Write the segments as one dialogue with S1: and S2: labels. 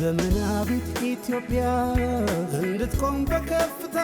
S1: ዘመናዊት ኢትዮጵያ እንድትቆም በከፍታ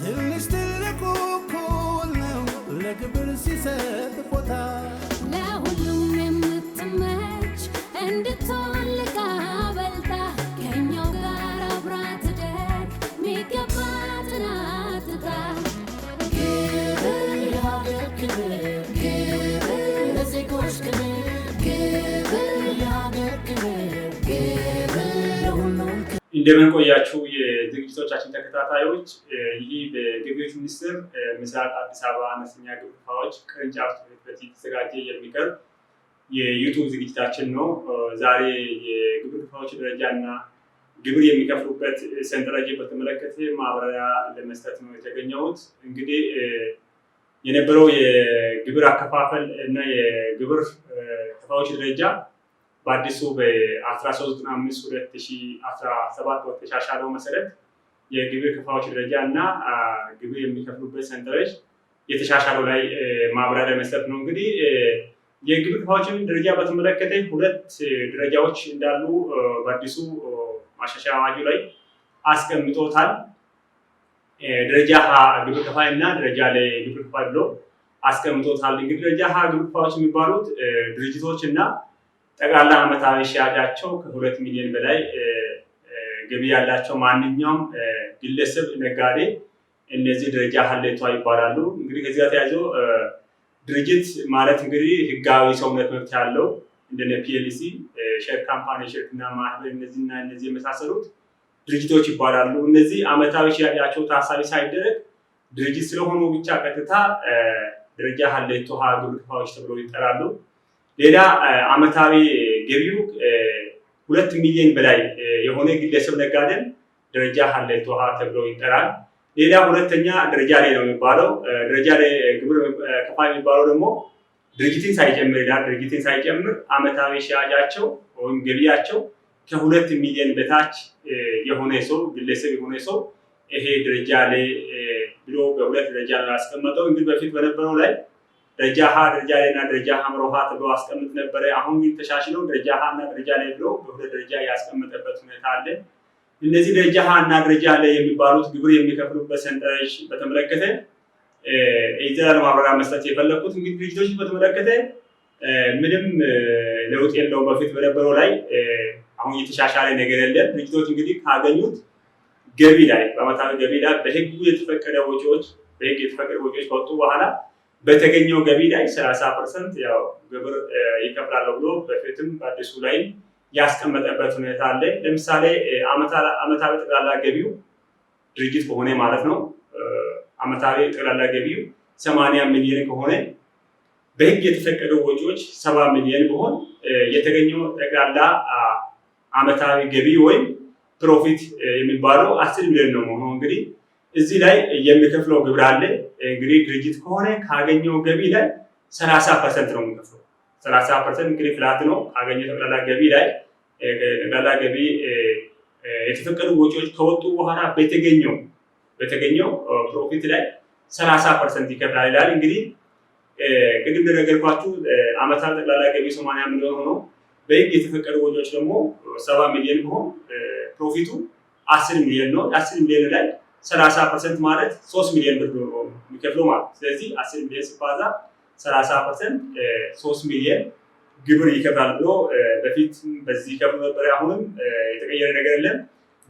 S1: ትንሽ ትልቁ እኩል ነው ለግብር ሲሰጥ ቦታ
S2: ለሁሉም የምትመች እንድትሆን
S3: እንደምንቆያችሁ የዝግጅቶቻችን ተከታታዮች። ይህ በገቢዎች ሚኒስቴር ምስራቅ አዲስ አበባ አነስተኛ ግብር ቅርንጫፍ ጽሕፈት ቤት የተዘጋጀ የሚቀርብ የዩቱብ ዝግጅታችን ነው። ዛሬ የግብር ደረጃ እና ግብር የሚከፍሉበት ሰንጠረዥ በተመለከተ ማብራሪያ ለመስጠት ነው የተገኘሁት። እንግዲህ የነበረው የግብር አከፋፈል እና የግብር ከፋዮች ደረጃ በአዲሱ በ1395 2017 በተሻሻለው መሰረት የግብር ክፋዮች ደረጃ እና ግብር የሚከፍሉበት ሰንጠረዥ የተሻሻለው ላይ ማብራሪያ መስጠት ነው። እንግዲህ የግብር ክፋዮችን ደረጃ በተመለከተ ሁለት ደረጃዎች እንዳሉ በአዲሱ ማሻሻያ አዋጁ ላይ አስቀምጦታል። ደረጃ ሀ ግብር ከፋይ እና ደረጃ ለ ግብር ከፋይ ብሎ አስቀምጦታል። እንግዲህ ደረጃ ሀ ግብር ከፋዮች የሚባሉት ድርጅቶች እና ጠቅላላ ዓመታዊ ሽያጫቸው ከሁለት ሚሊዮን በላይ ገቢ ያላቸው ማንኛውም ግለሰብ ነጋዴ እነዚህ ደረጃ ሀለቷ ይባላሉ። እንግዲህ ከዚህ ጋር ተያይዞ ድርጅት ማለት እንግዲህ ህጋዊ ሰውነት መብት ያለው እንደነ ፒኤልሲ፣ ሼር ካምፓኒ፣ ሼርክና ማህበር እነዚህና እነዚህ የመሳሰሉት ድርጅቶች ይባላሉ። እነዚህ ዓመታዊ ሽያጫቸው ታሳቢ ሳይደረግ ድርጅት ስለሆኑ ብቻ ቀጥታ ደረጃ ሀለቶ ግብር ከፋዮች ተብሎ ይጠራሉ። ሌላ አመታዊ ገቢው ሁለት ሚሊዮን በላይ የሆነ ግለሰብ ነጋዴን ደረጃ ሀለቶ ውሃ ተብሎ ይጠራል። ሌላ ሁለተኛ ደረጃ ላይ ነው የሚባለው። ደረጃ ላይ ግብር ከፋ የሚባለው ደግሞ ድርጅትን ሳይጨምር ይላል። ድርጅትን ሳይጨምር አመታዊ ሽያጫቸው ወይም ገቢያቸው ከሁለት ሚሊዮን በታች የሆነ ሰው ግለሰብ የሆነ ሰው ይሄ ደረጃ ላይ ብሎ በሁለት ደረጃ ያስቀመጠው እንግዲህ በፊት በነበረው ላይ ደረጃ ሀ ደረጃ ላይ እና ደረጃ ሀምሮሃ ተብሎ አስቀምጥ ነበረ። አሁን ግን ተሻሽለው ደረጃ ሀ እና ደረጃ ላይ ብሎ በሁለት ደረጃ ያስቀመጠበት ሁኔታ አለ። እነዚህ ደረጃ ሀ እና ደረጃ ላይ የሚባሉት ግብር የሚከፍሉበት ሰንጠረዥ በተመለከተ የዘላለ ማብራሪያ መስጠት የፈለኩት እንግዲህ ድርጅቶች በተመለከተ ምንም ለውጥ የለውም። በፊት በነበረው ላይ አሁን የተሻሻለ ነገር የለም። ድርጅቶች እንግዲህ ካገኙት ገቢ ላይ በአመታዊ ገቢ ላይ በህግ የተፈቀደ ወጪዎች በህግ የተፈቀደ ወጪዎች ከወጡ በኋላ በተገኘው ገቢ ላይ 30 ፐርሰንት ያው ግብር ይከፍላለሁ ብሎ በፊትም በአዲሱ ላይም ያስቀመጠበት ሁኔታ አለ። ለምሳሌ አመታዊ ጠቅላላ ገቢው ድርጅት ከሆነ ማለት ነው አመታዊ ጠቅላላ ገቢው ሰማንያ ሚሊዮን ከሆነ በህግ የተፈቀደው ወጪዎች ሰባ ሚሊዮን በሆን የተገኘው ጠቅላላ አመታዊ ገቢ ወይም ፕሮፊት የሚባለው አስር ሚሊዮን ነው መሆኑ እንግዲህ እዚህ ላይ የሚከፍለው ግብር አለ። እንግዲህ ድርጅት ከሆነ ካገኘው ገቢ ላይ ሰላሳ ፐርሰንት ነው የሚከፍለው። ሰላሳ ፐርሰንት እንግዲህ ፍላት ነው ካገኘው ጠቅላላ ገቢ ላይ ጠቅላላ ገቢ የተፈቀዱ ወጪዎች ከወጡ በኋላ በተገኘው በተገኘው ፕሮፊት ላይ ሰላሳ ፐርሰንት ይከፍላል ይላል። እንግዲህ ቅድም እንደነገርኳችሁ አመታት ጠቅላላ ገቢ ሰማንያ ሚሊዮን ሆኖ በህግ የተፈቀዱ ወጪዎች ደግሞ ሰባ ሚሊዮን ሆን ፕሮፊቱ አስር ሚሊዮን ነው። አስር ሚሊዮን ላይ ሰላሳ ፐርሰንት ማለት ሶስት ሚሊዮን ብር ነው የሚከፍለው ማለት። ስለዚህ አስር ሚሊዮን ሲባዛ ሰላሳ ፐርሰንት ሶስት ሚሊዮን ግብር ይከፍላል ብሎ በፊት በዚህ ይከፍሉ ነበር። አሁንም የተቀየረ ነገር የለም፣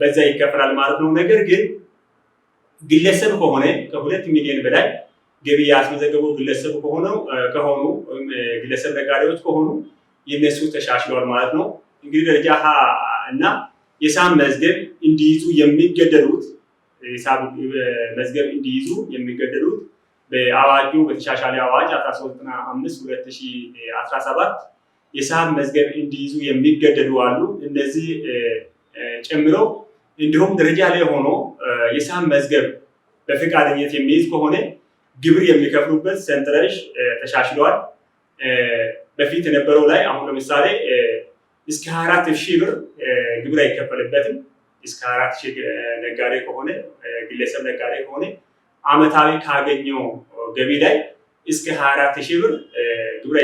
S3: በዛ ይከፈላል ማለት ነው። ነገር ግን ግለሰብ ከሆነ ከሁለት ሚሊዮን በላይ ገቢ ያስመዘገቡ ግለሰብ ከሆነው ከሆኑ ግለሰብ ነጋዴዎች ከሆኑ የነሱ ተሻሽሏል ማለት ነው። እንግዲህ ደረጃ ሀ እና የሳም መዝገብ እንዲይዙ የሚገደሉት ሂሳብ መዝገብ እንዲይዙ የሚገደዱት በአዋጁ በተሻሻለ አዋጅ 1395/2017 የሂሳብ መዝገብ እንዲይዙ የሚገደዱ አሉ። እነዚህ ጨምሮ እንዲሁም ደረጃ ላይ ሆኖ የሂሳብ መዝገብ በፈቃደኝነት የሚይዝ ከሆነ ግብር የሚከፍሉበት ሰንጠረዥ ተሻሽሏል። በፊት የነበረው ላይ አሁን ለምሳሌ እስከ አራት ሺህ ብር ግብር አይከፈልበትም። እስከ አራት ሺህ ነጋዴ ከሆነ ግለሰብ ነጋዴ ከሆነ አመታዊ ካገኘው ገቢ ላይ እስከ ሀያ አራት ሺህ ብር ግብር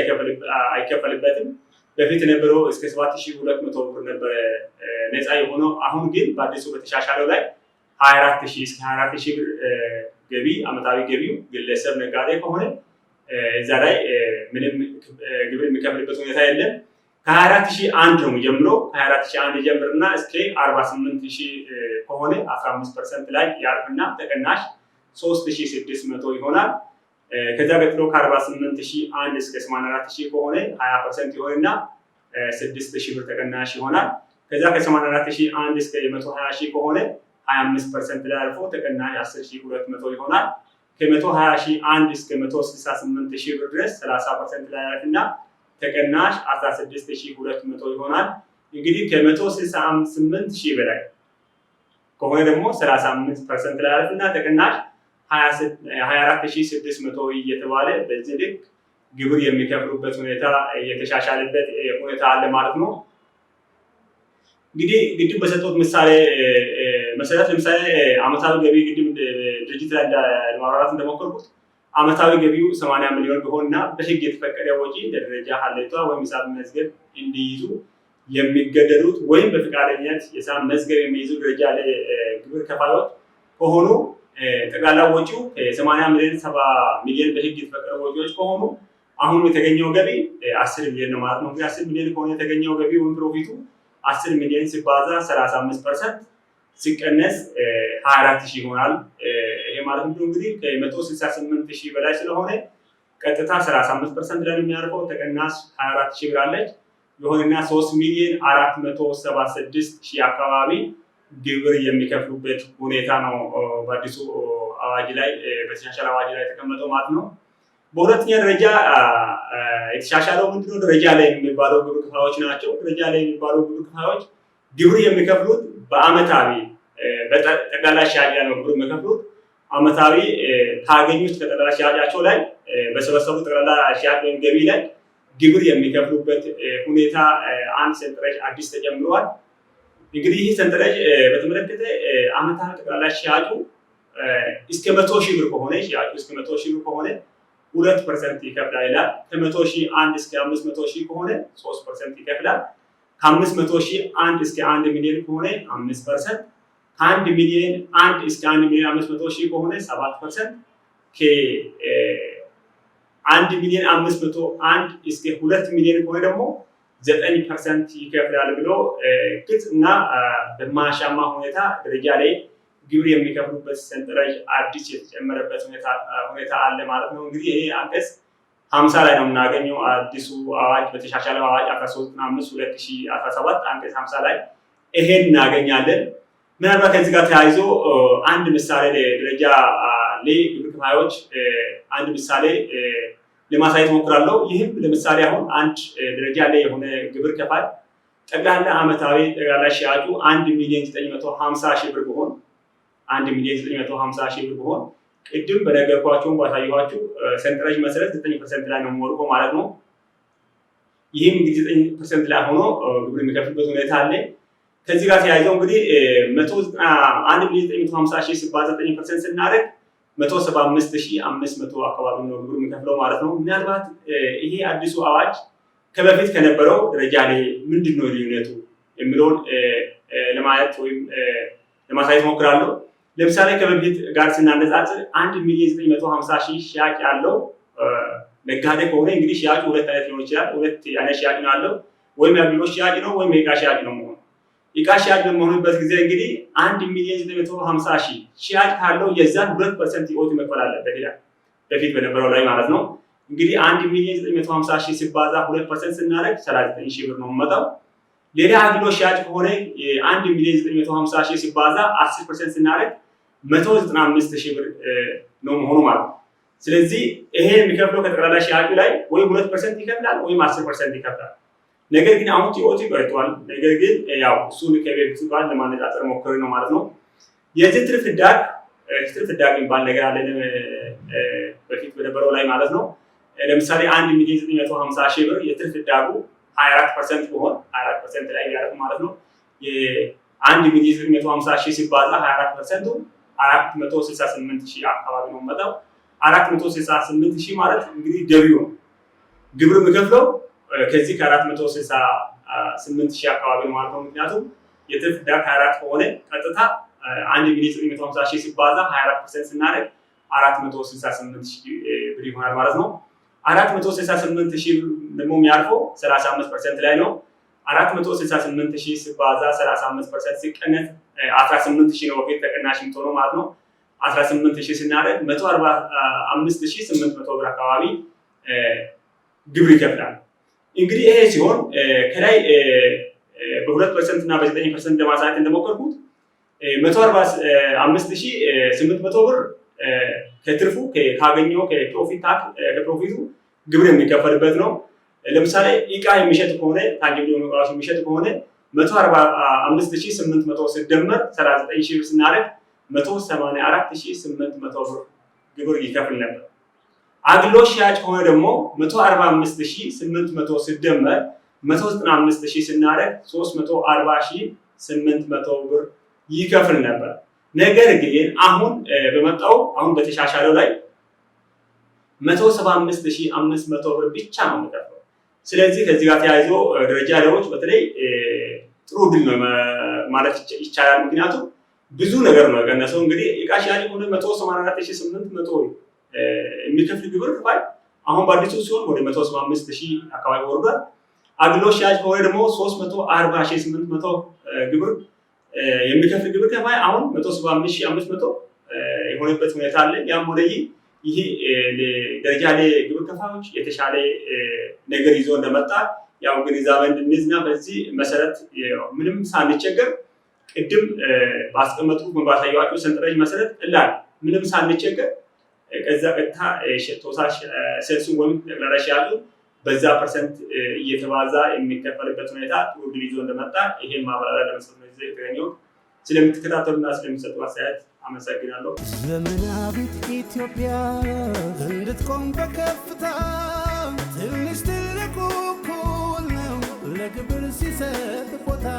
S3: አይከፈልበትም። በፊት የነበረው እስከ ሰባት ሺህ ሁለት መቶ ብር ነበረ ነፃ የሆነው። አሁን ግን በአዲሱ በተሻሻለው ላይ ሀያ አራት ሺህ እስከ ሀያ አራት ሺህ ብር ገቢ አመታዊ ገቢው ግለሰብ ነጋዴ ከሆነ እዛ ላይ ምንም ግብር የሚከፍልበት ሁኔታ የለም። ሺህ አንድ ነው የሚጀምረው። ከ24001 ይጀምርና እስከ 48000 ከሆነ 15% ላይ ያርፍና ተቀናሽ 3600 ይሆናል። ከዛ ቀጥሎ ከ48001 እስከ 84000 ከሆነ 20% ይሆንና 6000 ብር ተቀናሽ ይሆናል። ከዛ ከ84001 እስከ 120000 ከሆነ 25% ላይ አልፎ ተቀናሽ 10200 ይሆናል። ከ120001 እስከ 168000 ብር ድረስ 30% ላይ ያርፍና ተቀናሽ 16200 ይሆናል። እንግዲህ ከ168000 በላይ ከሆነ ደግሞ 35% ላይ አረፍና ተቀናሽ 24600 እየተባለ በዚህ ልክ ግብር የሚከፍሉበት ሁኔታ የተሻሻለበት ሁኔታ አለ ማለት ነው። እንግዲህ ግድብ በሰጡት ምሳሌ መሰረት ለምሳሌ አመታዊ ገቢ ግድብ ድርጅት ላይ ለማብራራት እንደሞከርኩት አመታዊ ገቢው 80 ሚሊዮን ቢሆንና በህግ የተፈቀደ ወጪ ለደረጃ ሀለቷ ወይም ሂሳብ መዝገብ እንዲይዙ የሚገደዱት ወይም በፈቃደኛት የሂሳብ መዝገብ የሚይዙ ደረጃ ግብር ከፋዮች ከሆኑ ጠቅላላ ወጪው ከ80 ሚሊዮን 70 ሚሊዮን በህግ የተፈቀደ ወጪዎች ከሆኑ አሁኑ የተገኘው ገቢ 10 ሚሊዮን ነው ማለት ነው። እንግዲህ 10 ሚሊዮን ከሆነ የተገኘው ገቢ ወይም ፕሮፊቱ 10 ሚሊዮን ሲባዛ 35 ፐርሰንት ሲቀነስ 24 ሺህ ይሆናል። ማለት ነው እንግዲህ ከመቶ ስልሳ ስምንት ሺህ በላይ ስለሆነ ቀጥታ ሰላሳ አምስት ፐርሰንት ላይ የሚያርፈው ተቀናሽ ሀያ አራት ሺህ ብር አለች። ይሁንና ሶስት ሚሊዮን አራት መቶ ሰባ ስድስት ሺህ አካባቢ ግብር የሚከፍሉበት ሁኔታ ነው በአዲሱ አዋጅ ላይ በተሻሻለ አዋጅ ላይ የተቀመጠው ማለት ነው። በሁለተኛ ደረጃ የተሻሻለው ምንድነው? ደረጃ ላይ የሚባለው ግብር ክፋዮች ናቸው። ደረጃ ላይ የሚባለው ግብር ክፋዮች ግብር የሚከፍሉት በአመታዊ በጠቅላላ ሽያጭ ነው ግብር የሚከፍሉት አመታዊ ካገኙት ከጠቅላላ ሽያጫቸው ላይ በሰበሰቡ ጠቅላላ ሽያጭ ወይም ገቢ ላይ ግብር የሚከፍሉበት ሁኔታ አንድ ሰንጠረዥ አዲስ ተጀምሯል። እንግዲህ ይህ ሰንጠረዥ በተመለከተ አመታዊ ጠቅላላ ሽያጩ እስከ መቶ ሺህ ብር ከሆነ ሽያጩ እስከ መቶ ሺህ ብር ከሆነ ሁለት ፐርሰንት ይከፍላል ይላል። ከመቶ ሺህ አንድ እስከ አምስት መቶ ሺህ ከሆነ ሶስት ፐርሰንት ይከፍላል። ከአምስት መቶ ሺህ አንድ እስከ አንድ ሚሊዮን ከሆነ አምስት ፐርሰንት አንድ ሚሊዮን አንድ እስከ አንድ ሚሊዮን አምስት መቶ ሺህ ከሆነ ሰባት ፐርሰንት አንድ ሚሊዮን አምስት መቶ አንድ እስከ ሁለት ሚሊዮን ከሆነ ደግሞ ዘጠኝ ፐርሰንት ይከፍላል ብሎ ግልጽ እና በማሻማ ሁኔታ ደረጃ ላይ ግብር የሚከፍሉበት ሰንጠረዥ አዲስ የተጨመረበት ሁኔታ አለ ማለት ነው። እንግዲህ ይሄ አንቀጽ ሀምሳ ላይ ነው የምናገኘው አዲሱ አዋጅ በተሻሻለ አዋጅ አስራ ሶስት አምስት ሁለት ሺህ አስራ ሰባት አንቀጽ ሀምሳ ላይ ይሄን እናገኛለን። ምናልባት ከዚህ ጋር ተያይዞ አንድ ምሳሌ ደረጃ ላይ ግብር ከፋዮች አንድ ምሳሌ ለማሳየት ሞክራለሁ። ይህም ለምሳሌ አሁን አንድ ደረጃ ላይ የሆነ ግብር ከፋይ ጠቅላላ ዓመታዊ ጠቅላላ ሽያጩ አንድ ሚሊዮን ዘጠኝ መቶ ሀምሳ ሺህ ብር ቢሆን አንድ ሚሊዮን ዘጠኝ መቶ ሀምሳ ሺህ ብር ቢሆን ቅድም በነገርኳቸውን ባሳየኋችሁ ሰንጠረዥ መሰረት ዘጠኝ ፐርሰንት ላይ ነው የሚወርቆ ማለት ነው። ይህም እንግዲህ ዘጠኝ ፐርሰንት ላይ ሆኖ ግብር የሚከፍልበት ሁኔታ አለ። ከዚህ ጋር ተያይዘው እንግዲህ አንድ ሚሊዮን ዘጠኝ መቶ ሀምሳ ሺህ ሲባል ዘጠኝ ፐርሰንት ስናደርግ መቶ ሰባ አምስት ሺህ አምስት መቶ አካባቢ ነው ብሩ የሚከፍለው ማለት ነው። ምናልባት ይሄ አዲሱ አዋጅ ከበፊት ከነበረው ደረጃ ላይ ምንድን ነው ልዩነቱ የሚለውን ለማየት ወይም ለማሳየት ሞክራለሁ። ለምሳሌ ከበፊት ጋር ስናነጻጽር አንድ ሚሊዮን ዘጠኝ መቶ ሀምሳ ሺህ ሽያጭ ያለው ነጋዴ ከሆነ እንግዲህ ሽያጭ ሁለት አይነት ሊሆን ይችላል። ሁለት አይነት ሽያጭ ነው ያለው፣ ወይም የአገልግሎት ሽያጭ ነው ወይም የዕቃ ሽያጭ ነው እቃ ሽያጭ በመሆኑበት ጊዜ እንግዲህ አንድ ሚሊዮን ዘጠኝ መቶ ሀምሳ ሺ ሽያጭ ካለው የዛን ሁለት ፐርሰንት ኢኦቲ መክፈል አለበት ይላል። በፊት በነበረው ላይ ማለት ነው። እንግዲህ አንድ ሚሊዮን ዘጠኝ መቶ ሀምሳ ሺህ ሲባዛ ሁለት ፐርሰንት ስናደርግ ሰላሳ ዘጠኝ ሺህ ብር ነው የምመጣው ሌላ አገልግሎት ሽያጭ ከሆነ አንድ ሚሊዮን ዘጠኝ መቶ ሀምሳ ሺህ ሲባዛ አስር ፐርሰንት ስናደርግ መቶ ዘጠና አምስት ሺህ ብር ነው መሆኑ ማለት ነው። ስለዚህ ይሄ የሚከፍለው ከጠቅላላ ሽያጩ ላይ ወይም ሁለት ፐርሰንት ይከፍላል ወይም አስር ፐርሰንት ይከፍላል። ነገር ግን አሁን ቲኦቲ በርቷል። ነገር ግን ያው እሱን ከቤቱ ጋር ለማነጣጠር ሞክር ነው ማለት ነው። የዚህ ትርፍ ዳግ ትርፍ ዳግ የሚባል ነገር አለን በፊት በነበረው ላይ ማለት ነው። ለምሳሌ አንድ ሚሊዮን ዘጠኝ መቶ ሀምሳ ሺህ ብር የትርፍ ዳጉ ሀያ አራት ፐርሰንት ቢሆን ሀያ አራት ፐርሰንት ላይ ያረፍ ማለት ነው። አንድ ሚሊዮን ዘጠኝ መቶ ሀምሳ ሺህ ሲባዛ ሀያ አራት ፐርሰንቱ አራት መቶ ስልሳ ስምንት ሺህ አካባቢ ነው መጣው አራት መቶ ስልሳ ስምንት ሺህ ማለት እንግዲህ ገቢው ነው ግብር የሚከፍለው ከዚህ ከአራት መቶ ስልሳ ስምንት ሺህ አካባቢ ነው ማለት ነው። ምክንያቱም የትርፍ ዕዳ ከአራት ከሆነ ቀጥታ አንድ ሚሊዮን ዘጠኝ መቶ ሀምሳ ሺህ ሲባዛ ሀያ አራት ፐርሰንት ስናደርግ አራት መቶ ስልሳ ስምንት ሺህ ብር ይሆናል ማለት ነው። አራት መቶ ስልሳ ስምንት ሺህ ደግሞ የሚያርፈው ሰላሳ አምስት ፐርሰንት ላይ ነው። አራት መቶ ስልሳ ስምንት ሺህ ሲባዛ ሰላሳ አምስት ፐርሰንት ሲቀነስ አስራ ስምንት ሺህ ነው ፊት ተቀናሽ የምትሆነው ማለት ነው። አስራ ስምንት ሺህ ስናደርግ መቶ አርባ አምስት ሺህ ስምንት መቶ ብር አካባቢ ግብር ይከፍላል። እንግዲህ ይሄ ሲሆን ከላይ በሁለት ፐርሰንት እና በዘጠኝ ፐርሰንት ለማሳየት እንደሞከርኩት መቶ አርባ አምስት ስምንት መቶ ብር ከትርፉ ካገኘው ከፕሮፊት ታክ ከፕሮፊቱ ግብር የሚከፈልበት ነው። ለምሳሌ እቃ የሚሸጥ ከሆነ ታንጅብል ራሱ የሚሸጥ ከሆነ መቶ አርባ አምስት ሺህ ስምንት መቶ ሰላሳ ዘጠኝ ብር ስናደርግ መቶ ሰማንያ አራት ስምንት መቶ ብር ግብር ይከፍል ነበር። አግሎ ሽያጭ ከሆነ ደግሞ 145800 ሲደመር 195000 ስናደርግ 340800 ብር ይከፍል ነበር። ነገር ግን አሁን በመጣው አሁን በተሻሻለው ላይ 175500 ብር ብቻ ነው የምከፍለው። ስለዚህ ከዚህ ጋር ተያይዞ ደረጃ ደሮች በተለይ ጥሩ ድል ነው ማለት ይቻላል። ምክንያቱም ብዙ ነገር ነው የቀነሰው። እንግዲህ ዕቃ ሽያጭ ሆነ 184800 የሚከፍል ግብር ክፋይ አሁን በአዲሱ ሲሆን ወደ 175 ሺህ አካባቢ ወርዷል። አግሎት ሻጭ ከሆነ ደግሞ 340 ሺህ 800 ግብር የሚከፍል ግብር ከፋይ አሁን 175 ሺህ 500 የሆነበት ሁኔታ አለ። ያም ወደይ ይህ ደረጃ ላይ ግብር ከፋዮች የተሻለ ነገር ይዞ እንደመጣ ያው ግንዛቤ እንድንይዝና በዚህ መሰረት ምንም ሳንቸገር ቅድም ባስቀመጡ ባሳየኋቸው ሰንጠረዥ መሰረት እላል ምንም ሳንቸገር ከዛ ቀጥታ ተወሳሽ ሴልሱን ወይም ጠቅላላ ያሉ በዛ ፐርሰንት እየተባዛ የሚከፈልበት ሁኔታ ትውልድ ይዞ እንደመጣ ይሄን ማብራሪያ ለመስጠት ነው የተገኘው። ስለምትከታተሉና ስለሚሰጡ አስተያየት አመሰግናለሁ።
S1: ዘመናዊት ኢትዮጵያ እንድትቆም በከፍታ ትንሽ ትልቁ እኩል ነው ለግብር ሲሰጥ ቦታ